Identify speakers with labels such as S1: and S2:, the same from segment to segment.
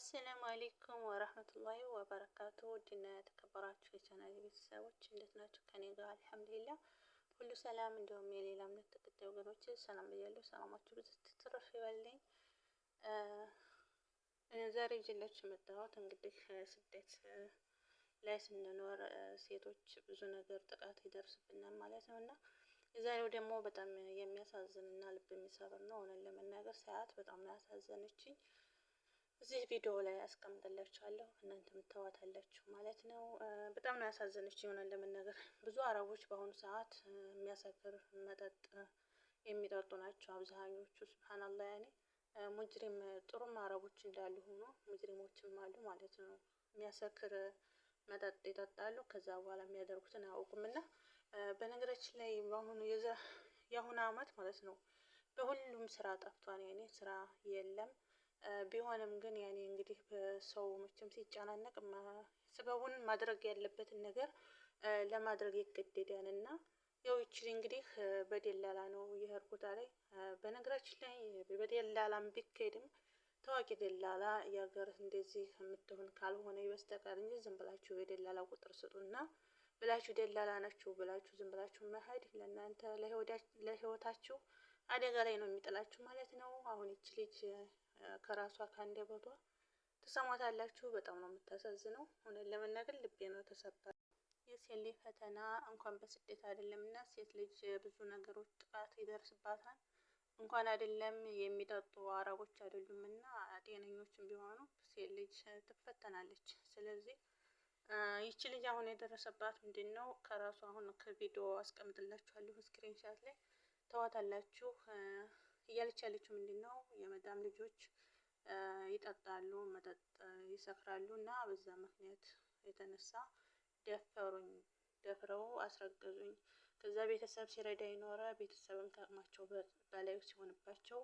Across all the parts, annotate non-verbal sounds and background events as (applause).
S1: አሰላሙ አሌይኩም ወረህመቱላሂ ወበረካቱ። ውድና የተከበራችሁ የቻናል ቤተሰቦች እንዴት ናችሁ? ከኔ ጋር አልሐምዱሊላ ሁሉ ሰላም። እንዲሁም የሌላ እምነት ተከታይ ወገኖች ሰላም ብያለሁ። ሰላማችሁ ብዙ ትርፍ ይበልኝ። ዛሬ ይዤላችሁ የመጣሁት እንግዲህ ስደት ላይ ስንኖር ሴቶች ብዙ ነገር ጥቃት ይደርስብናል ማለት ነው እና የዛሬው ደግሞ በጣም የሚያሳዝን እና ልብ የሚሰብር ነው። እውነት ለመናገር ሰዓት በጣም ነው ያሳዘነችኝ። እዚህ ቪዲዮ ላይ አስቀምጥላችኋለሁ እናንተም ትተዋታላችሁ ማለት ነው። በጣም ነው ያሳዘነች ይሆናል ለመናገር ብዙ አረቦች በአሁኑ ሰዓት የሚያሳፍር መጠጥ የሚጠጡ ናቸው አብዛኞቹ። ስብሓናላ ያኔ ሙጅሪም ጥሩም አረቦች እንዳሉ ሆኖ ሙጅሪሞችም አሉ ማለት ነው። የሚያሰክር መጠጥ ይጠጣሉ። ከዛ በኋላ የሚያደርጉትን አያውቁም እና በነገራችን ላይ በአሁኑ የአሁኑ አመት ማለት ነው በሁሉም ስራ ጠፍቷል። ያኔ ስራ የለም ቢሆንም ግን ያኔ እንግዲህ ሰው መቼም ሲጨናነቅ ስበቡን ማድረግ ያለበትን ነገር ለማድረግ ይገደዳል እና ያው ይችል እንግዲህ በደላላ ነው የህርኩታ ላይ በነገራችን ላይ በደላላም ቢካሄድም ታዋቂ ደላላ የሀገር እንደዚህ የምትሆን ካልሆነ በስተቀር እንጂ ዝም ብላችሁ የደላላ ቁጥር ስጡና ብላችሁ ደላላ ናችሁ ብላችሁ ዝም ብላችሁ መሄድ ለእናንተ ለህይወታችሁ አደጋ ላይ ነው የሚጥላችሁ ማለት ነው። አሁን ይች ልጅ ከራሷ ከአንደበቷ ትሰማታላችሁ በጣም ነው የምታሳዝነው። እውነት ለመናገር ልቤ ነው ተሰብሯል። የሴት ልጅ ፈተና እንኳን በስደት አይደለም እና ሴት ልጅ ብዙ ነገሮች ጥቃት ይደርስባታል። እንኳን አይደለም የሚጠጡ አረቦች አይደሉም እና ጤነኞችም ቢሆኑ ሴት ልጅ ትፈተናለች። ስለዚህ ይቺ ልጅ አሁን የደረሰባት ምንድን ነው? ከራሱ አሁን ከቪዲዮ አስቀምጥላችኋለሁ ስክሪንሻት ላይ ተዋታላችሁ። እያለች ያለችው ምንድን ነው የመዳም ልጆች ይጠጣሉ፣ መጠጥ ይሰክራሉ እና በዛ ምክንያት የተነሳ ደፈሩኝ፣ ደፍረው አስረገዙኝ። ከዛ ቤተሰብ ሲረዳ ይኖረ ቤተሰብም ከአቅማቸው በላይ ሲሆንባቸው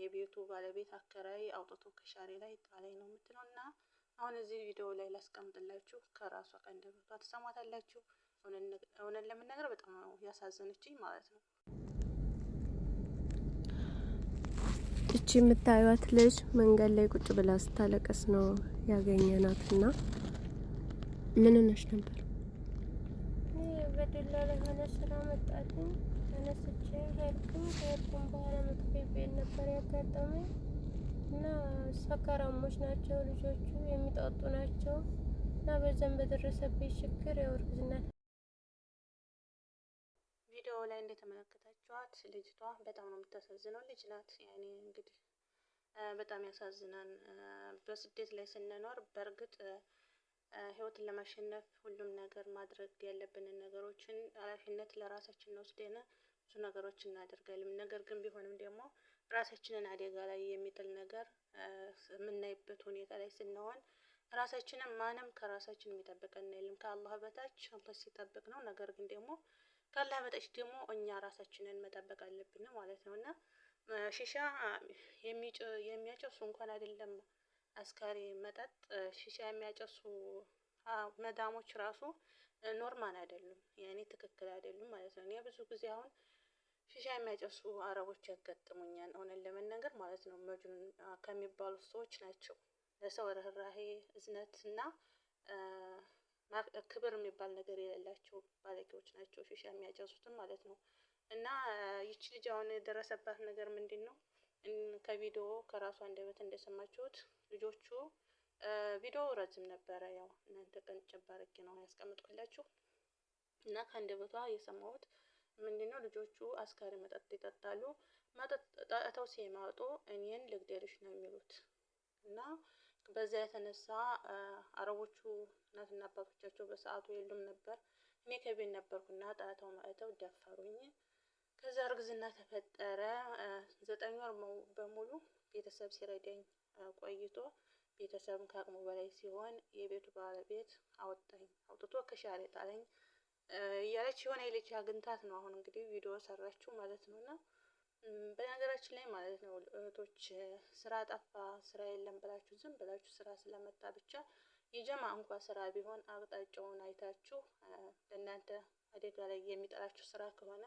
S1: የቤቱ ባለቤት አከራይ አውጥቶ ከሻሬ ላይ ጣለኝ ነው የምትለው እና አሁን እዚህ ቪዲዮ ላይ ላስቀምጥላችሁ ከራሷ ቀንደበቷ ትሰማታላችሁ። እውነት ነገር በጣም ነው ያሳዘነችኝ ማለት ነው። እቺ የምታዩት ልጅ መንገድ ላይ ቁጭ ብላ ስታለቀስ ነው ያገኘናት። እና ምን ነሽ ነበር? በደላ ላይ ሆነ ስራ መጣልኝ። ተነስቼ ሄድኩኝ። ከሄድኩም በኋላ ምግብ ቤት ነበር ያጋጠመኝ እና ሰካራሞች ናቸው ልጆቹ፣ የሚጠጡ ናቸው እና በዛም በደረሰብኝ ችግር ያው እርግዝና ቪዲዮ ላይ እንደተመለከታችሁ ያያችኋት ልጅቷ በጣም ነው የምታሳዝነው። ልጅ ናት ያኔ እንግዲህ በጣም ያሳዝናል። በስደት ላይ ስንኖር በእርግጥ ህይወትን ለማሸነፍ ሁሉም ነገር ማድረግ ያለብንን ነገሮችን ኃላፊነት ለራሳችን ወስደን ብዙ ነገሮችን እናደርጋለን። ነገር ግን ቢሆንም ደግሞ ራሳችንን አደጋ ላይ የሚጥል ነገር የምናይበት ሁኔታ ላይ ስንሆን ራሳችንን ማንም ከራሳችን የሚጠብቀን የለም። ከአላህ በታች አላህ ሲጠብቅ ነው። ነገር ግን ደግሞ ካላህ በታች ደግሞ እኛ ራሳችንን መጠበቅ አለብን ማለት ነው እና ሺሻ የሚያጨሱ እንኳን አይደለም አስካሪ መጠጥ ሺሻ የሚያጨሱ መዳሞች ራሱ ኖርማል አይደሉም፣ ያኔ ትክክል አይደሉም ማለት ነው። እኔ ብዙ ጊዜ አሁን ሺሻ የሚያጨሱ አረቦች ያጋጥሙኛል፣ እውነት ለመናገር ማለት ነው። መጅኑን ከሚባሉት ሰዎች ናቸው። ለሰው ርኅራሄ እዝነት እና ክብር የሚባል ነገር የሌላቸው ባለጌዎች ናቸው፣ ሺሻ የሚያጨሱትን ማለት ነው። እና ይቺ ልጅ አሁን የደረሰባት ነገር ምንድን ነው? ከቪዲዮ ከራሷ አንደበት እንደሰማችሁት ልጆቹ ቪዲዮ ረዝም ነበረ። ያው እናንተ ቀንጨብ ነው ያስቀምጥኩላችሁ እና ከአንደበቷ የሰማሁት ምንድን ነው? ልጆቹ አስካሪ መጠጥ ይጠጣሉ። መጠጥ ጠጥተው ሲመጡ እኔን ልግደልሽ ነው የሚሉት እና በዚያ የተነሳ አረቦቹ እናትና አባቶቻቸው በሰዓቱ የሉም ነበር። እኔ ከቤት ነበርኩና ጣተው ማእተው ደፈሩኝ።
S2: ከዛ እርግዝና
S1: ተፈጠረ። ዘጠኝ ወር በሙሉ ቤተሰብ ሲረዳኝ ቆይቶ ቤተሰብን ከአቅሙ በላይ ሲሆን የቤቱ ባለቤት አወጣኝ አውጥቶ ከሻለ ጣለኝ እያለች የሆነ የልጅ አግኝታት ነው አሁን እንግዲህ ቪዲዮ ሰራችው ማለት ነው እና በነገራችን ላይ ማለት ነው እህቶች ስራ ጠፋ ስራ የለም ብላችሁ ዝም ብላችሁ ስራ ስለመጣ ብቻ የጀማ እንኳ ስራ ቢሆን አቅጣጫውን አይታችሁ ለእናንተ አደጋ ላይ የሚጥላችሁ ስራ ከሆነ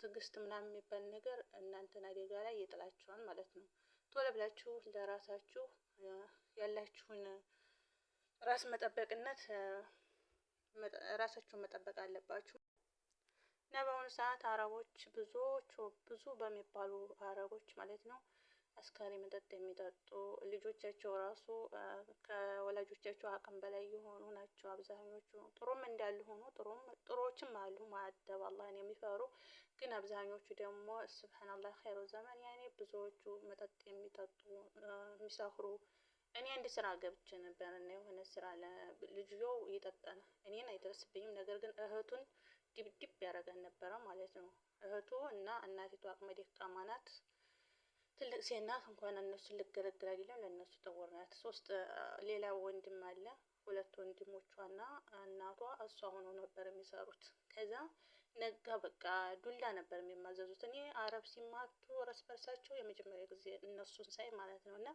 S1: ትዕግስት ምናምን የሚባል ነገር እናንተን አደጋ ላይ ይጥላችኋል ማለት ነው። ቶሎ ብላችሁ ለራሳችሁ ያላችሁን ራስ መጠበቅነት ራሳችሁን መጠበቅ አለባችሁ። እና በአሁኑ ሰዓት አረቦች ብዙዎቹ ብዙ በሚባሉ አረቦች ማለት ነው አስካሪ መጠጥ የሚጠጡ ልጆቻቸው ራሱ ከወላጆቻቸው አቅም በላይ የሆኑ ናቸው አብዛኞቹ። ጥሩም እንዳሉ ሆኖ ጥሩም ጥሩዎችም አሉ ማደብ አላህን የሚፈሩ ግን አብዛኞቹ ደግሞ ስብሓናላህ ኸይሮ ዘመን ያኔ ብዙዎቹ መጠጥ የሚጠጡ የሚሰክሩ። እኔ አንድ ስራ ገብቼ ነበር እና የሆነ ስራ ልጅየው ይጠጣል እኔን አይደርስብኝም፣ ነገር ግን እህቱን ድብድብ ያደረገን ነበረ ማለት ነው። እህቱ እና እናቲቱ አቅመ ደካማ ናት። ትልቅ ሴት ናት። እንኳን እነሱን ልገለግል አይደለም ለእነሱ ጥቁር ናት። ሶስት ሌላ ወንድም አለ። ሁለት ወንድሞቿና እናቷ እሷ ሆኖ ነበር የሚሰሩት። ከዛ ነጋ በቃ ዱላ ነበር የሚማዘዙት። እኔ አረብ ሲማቱ እርስ በርሳቸው የመጀመሪያ ጊዜ እነሱን ሳይ ማለት ነው። እና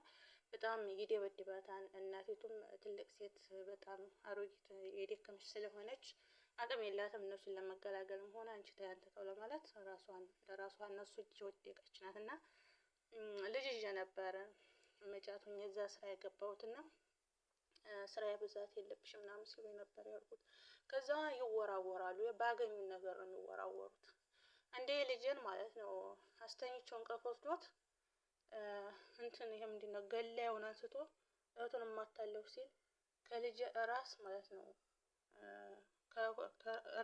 S1: በጣም የደበድባታን እናቲቱም ትልቅ ሴት በጣም አሮጊት የደከመች ስለሆነች አቅም የላትም እነሱን ለመገላገልም ሆነ አንቺ ተያንተተው ለማለት ራሷን ለራሷ እነሱ እጅ ወደቀች ናት እና ልጅ ይዤ ነበረ መጫቱን የዛ ስራ የገባሁት እና ስራ ብዛት የለብሽ ምናምን ሲሉ ነበር ያልኩት። ከዛ ይወራወራሉ፣ ባገኙ ነገር ነው የሚወራወሩት። እንዴ ልጅን ማለት ነው አስተኝቸው እንቅልፍ ወስዶት እንትን ይሄ ምንድን ነው ገላዩን አንስቶ እህቱን የማታለው ሲል ከልጅ ራስ ማለት ነው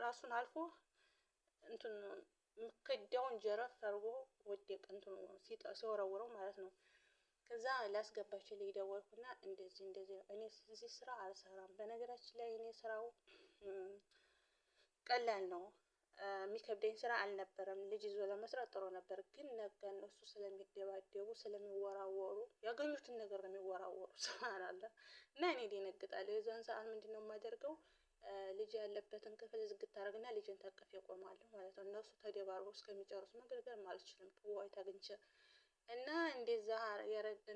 S1: ራሱን አልፎ እንትን ክዳውን ጀረፍ አድርጎ ወደቅ ሲወረውረው ማለት ነው። ከዛ ላስገባቸው ልጅ እንደዚህ እንደዚህ እኔ እዚህ ስራ አልሰራም። በነገራችን ላይ እኔ ስራው ቀላል ነው የሚከብደኝ ስራ አልነበረም። ልጅ ይዞ ለመስራት ጥሩ ነበር፣ ግን ነጋ እነሱ ስለሚደባደቡ ስለሚወራወሩ ያገኙትን ነገር ነው የሚወራወሩ (laughs) ስራ እና እኔ ደነግጣለሁ። የዛን ሰዓት ምንድን ነው የማደርገው? ልጅ ያለበትን ክፍል ዝግት ታደርግና ልጅን ታቀፍ ይቆማለሁ ማለት ነው። እነሱ ተደባርቦ እስከሚጨርሱ መገልገል አልችልም ዋይ ታግኝቼ እና እንደዛ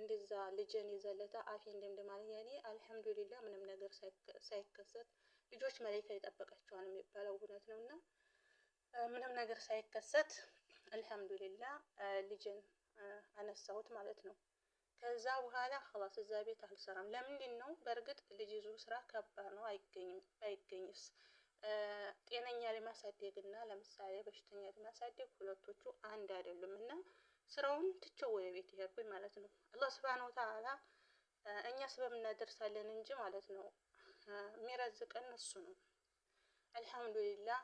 S1: እንደዛ ልጅን አፊ አፌ ማለት ያኔ አልሐምዱሊላ ምንም ነገር ሳይከሰት ልጆች መላይካ ይጠበቃቸዋል የሚባለው እውነት ነው። እና ምንም ነገር ሳይከሰት አልሐምዱሊላ ልጅን አነሳሁት ማለት ነው። ከዛ በኋላ ኸላስ እዛ ቤት አልሰራም። ለምንድን ነው? በእርግጥ ልጅ ይዞ ስራ ከባድ ነው። አይገኝም ባይገኝስ ጤነኛ ለማሳደግ እና ለምሳሌ በሽተኛ ለማሳደግ ሁለቶቹ አንድ አይደሉም። እና ስራውን ትቸው ወደ ቤት ይሄድኩኝ ማለት ነው። አላህ ስብሐነሁ ወተዓላ እኛ ስበብ እናደርሳለን እንጂ ማለት ነው የሚረዝቀን እሱ ነው። አልሐምዱሊላህ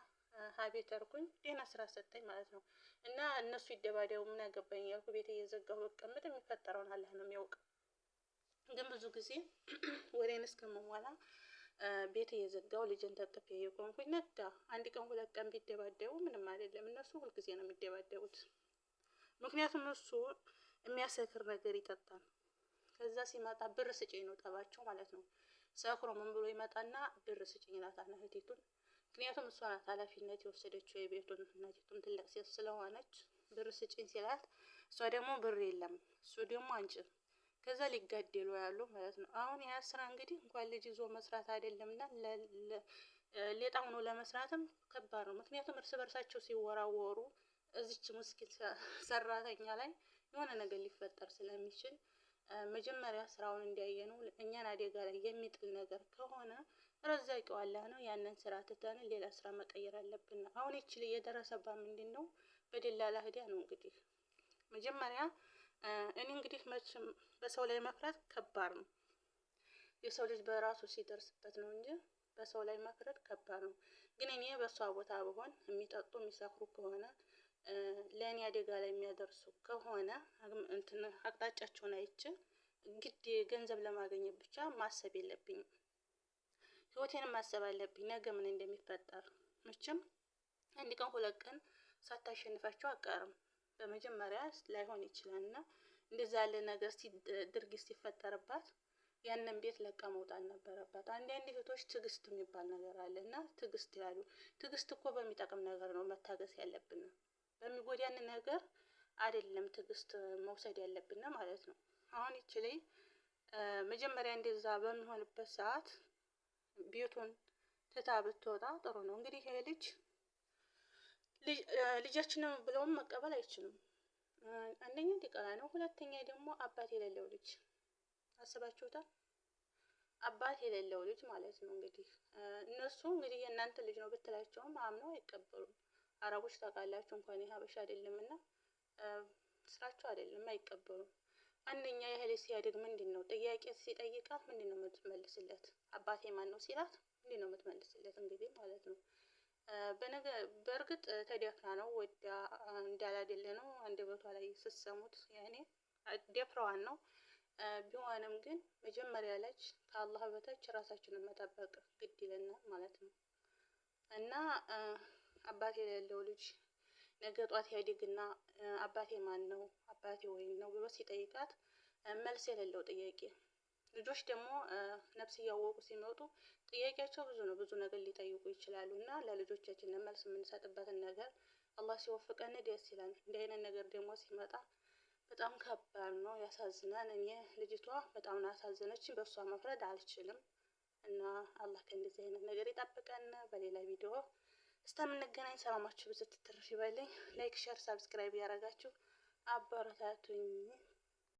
S1: ሀቤት አርኩኝ ጤና ስራ ሰጠኝ ማለት ነው። እና እነሱ ይደባደቡ ምን ያገባኝ ያልኩ ቤት እየዘጋሁ በቀምጥ የሚፈጠረውን አላህ ነው የሚያውቀው። ግን ብዙ ጊዜ (clears throat) ወሬን እስከምሟላ ቤት እየዘጋሁ ልጅን ተቅፌ የቆምኩኝ ነዳ። አንድ ቀን ሁለት ቀን ቢደባደቡ ምንም አይደለም። እነሱ ሁልጊዜ ነው የሚደባደቡት። ምክንያቱም እሱ የሚያሰክር ነገር ይጠጣል። ከዛ ሲመጣ ብር ስጭኝ ነው ጠባቸው ማለት ነው። ሰክሮ ምን ብሎ ይመጣና ብር ስጭኝ ይላታል እህቲቱን ምክንያቱም እሷ ናት ኃላፊነት የወሰደችው የቤቱን እናቲቱም ትልቅ ሴት ስለሆነች ብር ስጭኝ ሲላት እሷ ደግሞ ብር የለም እሱ ደግሞ አንጭ ከዛ ሊጋደሉ ያሉ ማለት ነው። አሁን ያ ስራ እንግዲህ እንኳን ልጅ ይዞ መስራት አይደለም እና ሌጣ ሆኖ ለመስራትም ከባድ ነው። ምክንያቱም እርስ በርሳቸው ሲወራወሩ እዚች ምስኪን ሰራተኛ ላይ የሆነ ነገር ሊፈጠር ስለሚችል መጀመሪያ ስራውን እንዲያየ ነው። እኛን አደጋ ላይ የሚጥል ነገር ከሆነ ረዛቂው አላህ ነው። ያንን ስራ ትተን ሌላ ስራ መቀየር አለብን። አሁን ይችል የደረሰባት ምንድን ነው? በደላላ ሂዳ ነው እንግዲህ መጀመሪያ እኔ እንግዲህ መቼም በሰው ላይ መፍረድ ከባድ ነው። የሰው ልጅ በራሱ ሲደርስበት ነው እንጂ በሰው ላይ መፍረድ ከባድ ነው። ግን እኔ በእሷ ቦታ ብሆን የሚጠጡ የሚሰክሩ ከሆነ ለእኔ አደጋ ላይ የሚያደርሱ ከሆነ አቅጣጫቸውን አይቼ ግድ ገንዘብ ለማገኘት ብቻ ማሰብ የለብኝም። ህይወቴንም ማሰብ አለብኝ። ነገ ምን እንደሚፈጠር መቼም አንድ ቀን ሁለት ቀን ሳታሸንፋቸው አቀርም። በመጀመሪያ ላይሆን ይችላል እና እንደዛ ያለ ነገር ድርጊት ሲፈጠርባት ያንን ቤት ለቃ መውጣት ነበረባት። አንዳንድ እህቶች ትዕግስት የሚባል ነገር አለ እና ትዕግስት ይላሉ። ትዕግስት እኮ በሚጠቅም ነገር ነው መታገስ ያለብን፣ በሚጎዳን ነገር አይደለም ትዕግስት መውሰድ ያለብን ማለት ነው። አሁን ይችለኝ መጀመሪያ እንደዛ በሚሆንበት ሰዓት ቤቱን ትታ ብትወጣ ጥሩ ነው። እንግዲህ ይሄ ልጅ ነው ብለውም መቀበል አይችልም። አንደኛ ሊቀራ ነው፣ ሁለተኛ ደግሞ አባት የሌለው ልጅ አስባችሁታል? አባት የሌለው ልጅ ማለት ነው። እንግዲህ እነሱ እንግዲህ የእናንተ ልጅ ነው ብትላቸውም አምነው አይቀበሉም። አረቦች ታውቃላችሁ፣ እንኳን የሀበሻ አይደለም እና ስራቸው አይደለም አይቀበሉም። አንደኛ የህል ሲያድግ ምንድን ነው ጥያቄ ሲጠይቃት ምንድን ነው የምትመልስለት? አባቴ ማን ነው ሲላት ምንድን ነው የምትመልስለት? እንግዲህ ማለት ነው በነገ በእርግጥ ተደፍራ ነው ወዳ እንዳላደለ ነው አንድ ቦታ ላይ ስትሰሙት ያኔ ደፍረዋን ነው ቢሆንም ግን መጀመሪያ ላች ከአላህ በታች ራሳችንን መጠበቅ ግድ ይለናል ማለት ነው እና አባት የሌለው ልጅ ነገ ጧት ያድግና አባቴ ማን ነው አባቴ ወይም ነው ብሎ ሲጠይቃት መልስ የሌለው ጥያቄ። ልጆች ደግሞ ነፍስ እያወቁ ሲመጡ ጥያቄያቸው ብዙ ነው፣ ብዙ ነገር ሊጠይቁ ይችላሉ። እና ለልጆቻችን መልስ የምንሰጥበትን ነገር አላህ ሲወፍቀን ደስ ይላል። እንዲህ አይነት ነገር ደግሞ ሲመጣ በጣም ከባድ ነው፣ ያሳዝናል። እኔ ልጅቷ በጣም ነው ያሳዘነች፣ በእሷ መፍረድ አልችልም። እና አላህ ከእንደዚህ አይነት ነገር ይጠብቀን። በሌላ ቪዲዮ እስከምንገናኝ ሰላማችሁ ብዙ ትትርፍ ይበልኝ። ላይክ፣ ሸር፣ ሳብስክራይብ ያደረጋችሁ አበረታቱኝ።